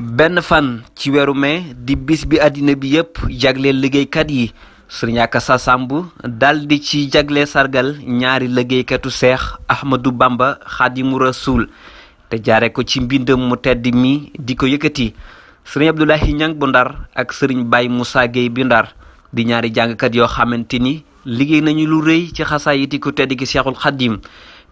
benn fan ci weeru mai di bis bi àddina bi yëpp jagleel liggéeykat yi Sëriñ Akassa Samb di ci jagle sargal ñaari liggéeykatu seex Ahmadou Bamba Xaadimu Rasuul te jaare ko ci mbindam mu tedd mi di ko yëkkati Sëriñ Abdoulahi Ñang bu Ndar ak Sëriñ Baye Moussa Gueye bi Ndar di ñaari jàngkat yoo xamante ni liggéey nañu lu rëy ci xasaayiti ku tedd ki Seexul Xaadim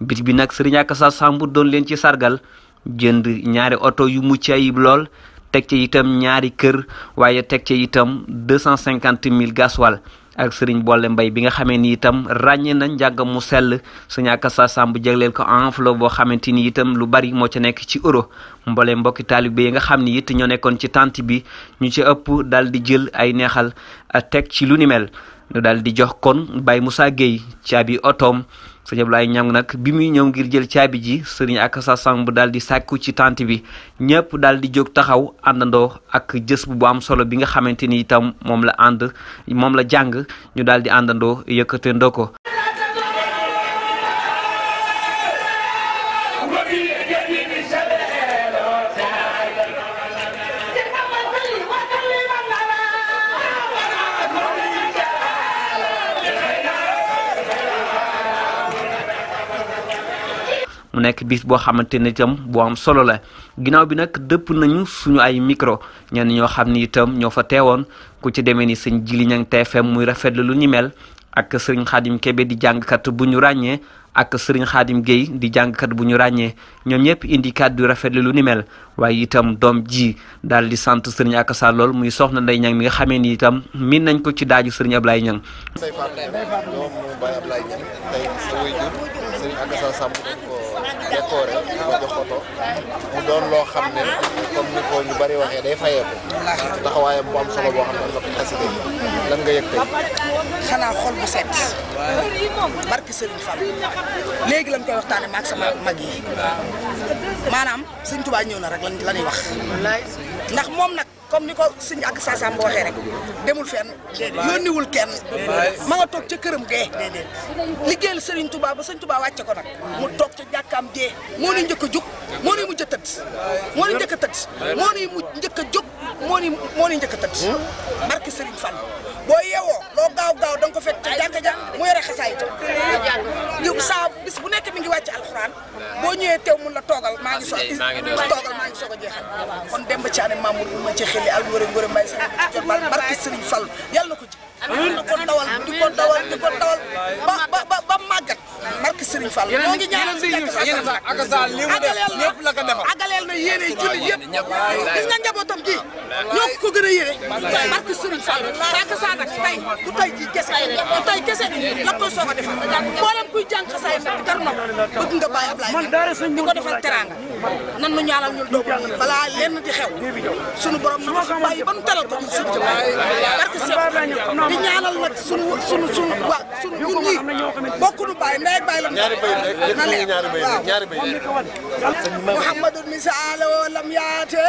bis bi nag Sëriñ Akassa Samb doon leen ci sargal jënd ñaari oto yu mucc ayib lool teg ci itam ñaari kër waaye teg ci itam deux cent cinquante mille gasoil ak sëriñ boole mbay bi nga xamee ni itam ràññee na njàng mu sell suñu akasa sàmb jagleel ko enveloppe boo xamante ni itam lu bari moo ci nekk ci euro mboolee mbokki taalibe yi nga xam ni it ñoo nekkoon ci tant bi ñu ci ëpp daal di jël ay neexal teg ci lu ni mel ñu daal di jox kon Baye Moussa Gueye caabi otoom sëñ Ablaye Niang nag bi muy ñëw ngir jël caabi ji sëriñ ak sa samb daal di sàkku ci tànt bi ñëpp daal di jóg taxaw àndandoo ak jës bu am solo bi nga xamante ni itam moom la ànd moom la jàng ñu daal di àndandoo yëkkatandoo ko mu nekk bis boo xamante ne itam boo am solo la ginnaaw bi nag dëpp nañu suñu ay micro ñenn ñoo xam ni itam ñoo fa teewoon ku ci demee ni sëñ Jili Ñang TFM muy rafetlu lu ñu ak sëriñ Xaadim Kebe di jàngkat bu ñu ràññee ak sëriñ Xaadim Guèye di jàngkat bu ñu ràññee ñoom ñëpp indi kàddu rafetlu lu ni waaye itam doom ji daal di sant sëriñ Akassa lool muy soxna Ndeye Niang mi nga xamee ni itam min nañ ko ci daaju sëriñ Ablaye Niang. sëriñ décoré ko jox oto mu doon loo xam ne comme ni bari waxee day fayeeku taxawaayam bu am solo boo xam ne am na ko nga yëg tey xanaa xol bu set barki Serigne Fall léegi lañ koy waxtaane maag sama mag yi maanaam Serigne Touba ñëw na rek lan la ñuy wax ndax moom nag comme ni ko suñu ak saasaam boo waxee rek demul fenn yónniwul kenn ma nga toog ca këram gee liggéeyal Serigne Touba ba Serigne Touba wàcce ko nag mu toog ca jàkka Sam dee moo ni njëkk a jóg moo ni mujj a tëdd moo ni njëkk a tëdd moo ni mu njëkk a jóg moo ni moo tëdd barke Serigne Fall boo yeewoo loo gaaw gaaw da ko fekk ca jànka ja mu yore xasaay itam di saa bis bu nekk mi ngi wàcc alxuraan boo ñëwee teew mun la toogal maa ngi soog a jeexal kon dem ba caane Mamour bu ma ci xeli al wërë wërë mbay sa barke Serigne Fall yàlla na ko ji amiin kon dawal di ko dawal di ko dawal ba ba Serigne Fall ñoo ngi ñaanal si nekk sa sa agaleel na yéene julli yëpp gis nga njabootam gi ñoo ko gën a yéene barke Serigne Fall parce que saa nag tey du tey ji kese du tey kese la ko soog a defal mboolem kuy jàng xasaay nag gar na bëgg nga bàyyi Ablaye di ko defal teraanga nan nu ñaanal ñun doomu ñi balaa lenn di xew sunu borom na ko bàyyi ba mu teral ko ñun suñu jëm barke Serigne di ñaanal nag sunu sunu sunu waa sunu ñun ñii bokkunu baay ndey ak baay la ñaari bay rek ñaari bay ñaari bay Muhammadu ni sa ala lam yaate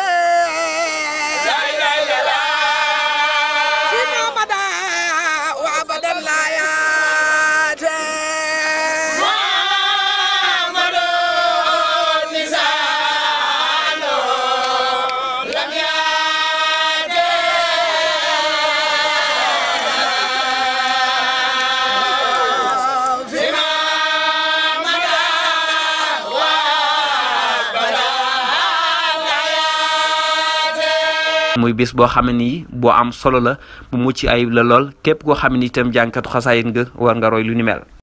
muy bés boo xam ne nii boo am solo la mu mucc ay la lool képp koo xam ne itam jànkatu xasaayit nga war nga roy lu ni mel